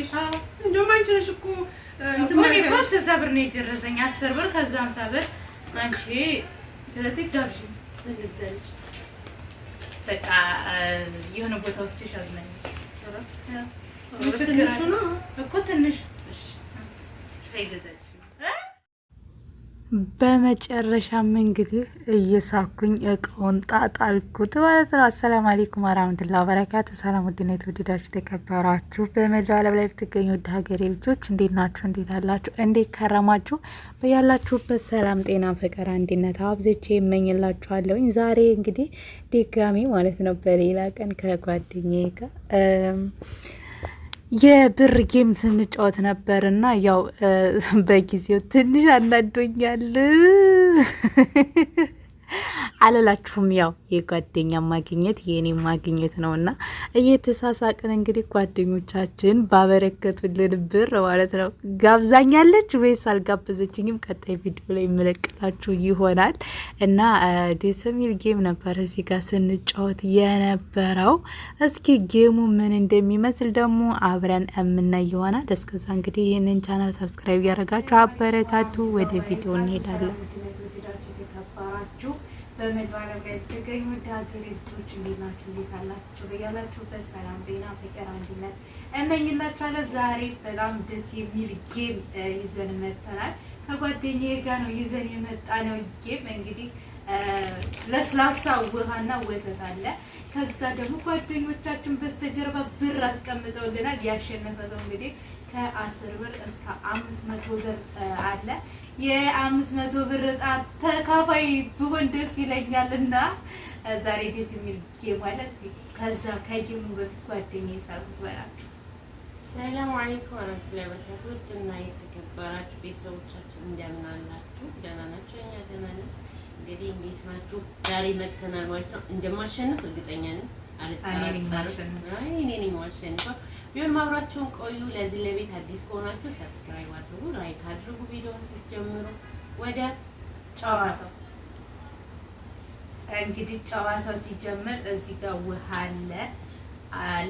ያልኩሽ እንደውም አንቺ ነሽ እኮ ስልሳ ብር ነው የደረሰኝ፣ አስር ብር ከዛ ሀምሳ ብር አንቺ። ስለዚህ ጋብዥኝ በቃ የሆነ ቦታ ወስደሽ አዝናኝ እኮ ትንሽ በመጨረሻም እንግዲህ እየሳኩኝ እቃውን ጣጣልኩት ማለት ነው። አሰላሙ አለይኩም አራምትላ በረካቱ። ሰላም ውድና የተወደዳችሁ የተከበራችሁ በመላው ዓለም ላይ ብትገኙ ውድ ሀገሬ ልጆች እንዴት ናችሁ? እንዴት አላችሁ? እንዴት ከረማችሁ? በያላችሁበት ሰላም፣ ጤና፣ ፍቅር፣ አንድነት አብዝቼ እመኝላችኋለሁኝ። ዛሬ እንግዲህ ድጋሚ ማለት ነው በሌላ ቀን ከጓደኛዬ ጋር የብር ጌም ስንጫወት ነበር እና ያው በጊዜው ትንሽ አናዶኛል። አለላችሁም ያው የጓደኛ ማግኘት የእኔ ማግኘት ነው እና እየተሳሳቅን እንግዲህ ጓደኞቻችን ባበረከቱልን ብር ማለት ነው። ጋብዛኛለች ወይስ አልጋበዘችኝም? ቀጣይ ቪዲዮ ላይ የምለቅላችሁ ይሆናል እና ደስ የሚል ጌም ነበር እዚህ ጋር ስንጫወት የነበረው። እስኪ ጌሙ ምን እንደሚመስል ደግሞ አብረን የምናይ ይሆናል። እስከዛ እንግዲህ ይህንን ቻናል ሰብስክራይብ ያደረጋችሁ አበረታቱ። ወደ ቪዲዮ እንሄዳለን። በመላው ዓለም ላይ የምትገኙ ውድ ሀገሬ ልጆች እንዴት ናችሁ? እንዴት አላችሁ? በያላችሁበት ሰላም፣ ጤና፣ ፍቅር፣ አንድነት እመኝላችኋለሁ። ዛሬ በጣም ደስ የሚል ጌም ይዘን መጥተናል። ከጓደኛዬ ጋር ነው ይዘን የመጣ ነው። ጌም እንግዲህ ለስላሳ ውሃና ወተት አለ። ከዛ ደግሞ ጓደኞቻችን በስተጀርባ ብር አስቀምጠውልናል። ያሸነፈ ሰው እንግዲህ ከ10 ብር እስከ 500 ብር አለ። የአምስት መቶ ብር እጣ ተካፋይ ብሆን ደስ ይለኛል እና ዛሬ ደስ የሚል ጌም አለ። እስኪ ከዛ ከጌሙ በፊት ጓደኛዬ ሳልኩት በላችሁ። ሰላም አለይኩም ወራህመቱላሂ ወበረካቱ። ውድና የተከበራችሁ ቤተሰቦቻችን እንደምን አላችሁ? ደህና ናችሁ? እኛ ደህና ነን። እንግዲህ እንዴት ናችሁ? ዛሬ መጥተናል ማለት ነው። እንደማሸንፍ እርግጠኛ ነን፣ አልጠራጠርም። እኔ ነኝ የማሸንፈው ይሁን ማብራችሁን ቆዩ። ለዚህ ለቤት አዲስ ከሆናችሁ ሰብስክራይብ አድርጉ፣ ላይክ አድርጉ። ቪዲዮውን ስትጀምሩ ወደ ጨዋታው እንግዲህ ጨዋታው ሲጀምር እዚህ ጋር ውሃ አለ፣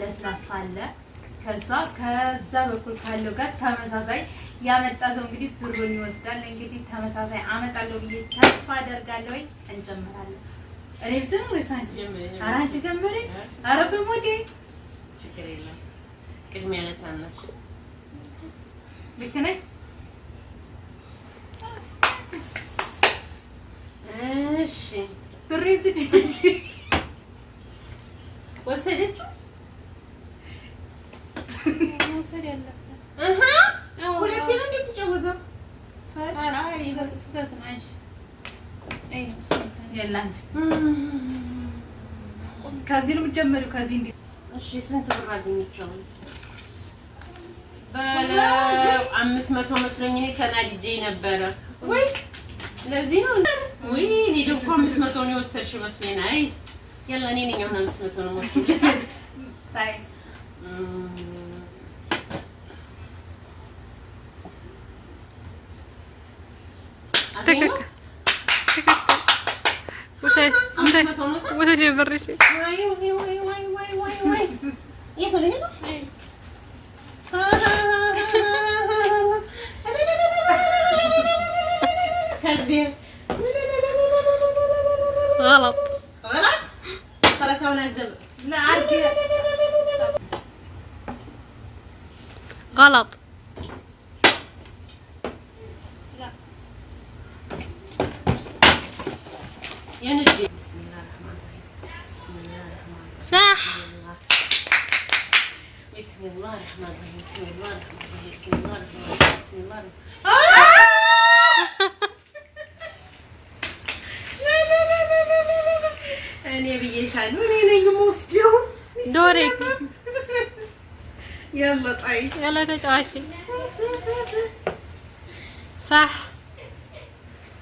ለስላሳ አለ። ከዛ ከዛ በኩል ካለው ጋር ተመሳሳይ ያመጣ ሰው እንግዲህ ብሩን ይወስዳል። እንግዲህ ተመሳሳይ አመጣለሁ ብዬ ተስፋ አደርጋለሁ። እንጀምራለን። እኔ ብትኖር ሳንጀምር አራንቺ ጀምሪ። አረ በሞቴ ችግር የለም ቅድሚያ ለታናሽ ልክ ነኝ። እሺ ብሬን ስጪ። ወሰደችው ነው እንዴት ትጫወተው? ከዚህ ነው የምትጀምሪው። ከዚህ እንዴት? እሺ ስንት ብር አገኘች? አምስት መቶ መስሎኝ እኔ ተናድጄ ነበረ። ለዚህ ነው እኔ ደግሞ አምስት መቶ ነው የወሰድሽ መስሎኝ። አይ ያለ እኔ ነኝ አሁን አምስት መቶ ነው ወሰድሽ غلط يعني بسم الله الرحمن الرحيم بسم الله الرحمن الرحيم صح بسم الله الرحمن الرحيم بسم الله الرحمن الرحيم بسم الله الرحمن الرحيم بسم الله الرحمن الرحيم nee, we hier gaan. Nee, nee, je moet stil. Door ik. Ja, laat uit. Ja, laat uit. Zag.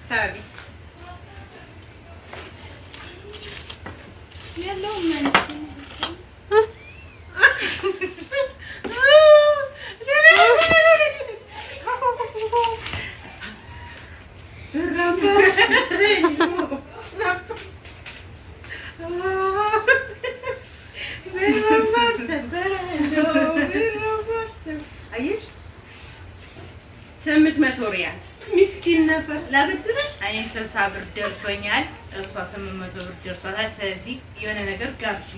Zag. Hallo ላብድር እኔ ስልሳ ብር ደርሶኛል፣ እሷ ስምንት መቶ ብር ደርሷታል። ስለዚህ የሆነ ነገር ጋብዥ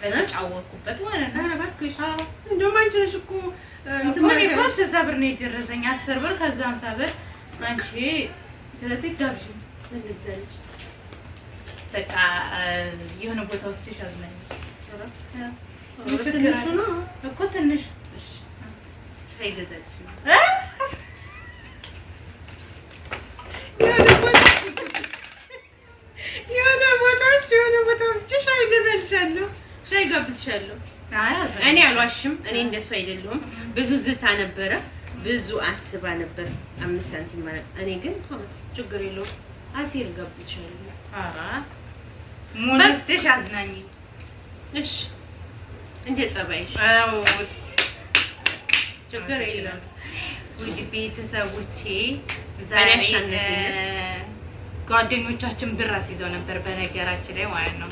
በዛ ጫወትኩበት ማለት ነው። ኧረ እባክሽ እንደውም አንቺ ነሽ እኮ ስልሳ ብር ነው የደረሰኝ፣ አስር ብር ከዛ ሀምሳ ብር አንቺ። ስለዚህ ጋብዥ ልግዛለሽ፣ በቃ የሆነ ቦታ ወስደሽ አዝናኝ እኮ ትንሽ ዋሽቻለሁ። እኔ አልዋሽም። እኔ እንደሱ አይደለሁም። ብዙ ዝታ ነበረ፣ ብዙ አስባ ነበር። አምስት ሳንቲም ማለት እኔ ግን ቶማስ ችግር የለውም አሴር ጋብዝሻለሁ። አራ ሞለስተሽ አዝናኝ እሺ፣ እንደ ጸባይሽ። አዎ ችግር የለውም። ውድ ቤተሰቦቼ ዛሬ ጓደኞቻችን ብር አስይዘው ነበር፣ በነገራችን ላይ ማለት ነው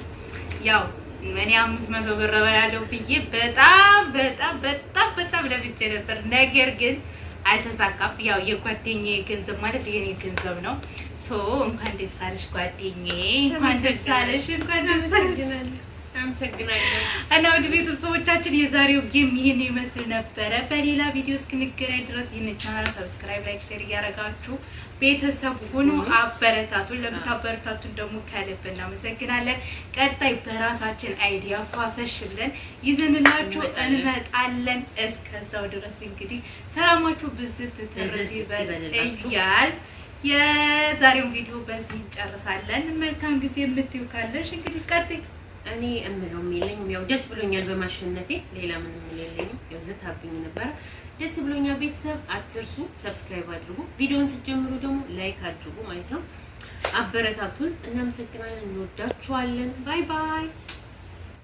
ያው እኔ አምስት መቶ ብር እበላለሁ ብዬ በጣም በጣም በጣም በጣም ለፍቼ ነበር። ነገር ግን አልተሳካም። ያው የጓደኛዬ ገንዘብ ማለት የኔ ገንዘብ ነው። ሶ እንኳን ደስ አለሽ ጓደኛዬ፣ እንኳን ደስ አለሽ፣ እንኳን ደስ አለሽ። እና ወደ ቤተሰቦቻችን የዛሬው ጌም ይህን ይመስል ነበረ። በሌላ ቪዲዮ እስክንገናኝ ድረስ ይህን ቻናል ሰብስክራይብ፣ ላይክ፣ ሼር እያደረጋችሁ ቤተሰብ ሆኖ አበረታቱን። ለምታበረታቱን ደግሞ ከልብ እናመሰግናለን። ቀጣይ በራሳችን አይዲያ ፋፈሽ ብለን ይዘንላችሁ እንመጣለን። እስከዛው ድረስ እንግዲህ ሰላማችሁ ብዝት ትርፍ ይበል እያል የዛሬውን ቪዲዮ በዚህ እንጨርሳለን። መልካም ጊዜ የምትይው ካለሽ እንግዲህ ቀጥይ እኔ እምለው የለኝም። ያው ደስ ብሎኛል በማሸነፌ፣ ሌላ ምንም የለኝም። ያው ዝታብኝ ነበረ፣ ደስ ብሎኛል። ቤተሰብ አትርሱ፣ ሰብስክራይብ አድርጉ፣ ቪዲዮውን ስትጀምሩ ደግሞ ላይክ አድርጉ ማለት ነው። አበረታቱን። እናመሰግናለን፣ እንወዳችኋለን። ባይ ባይ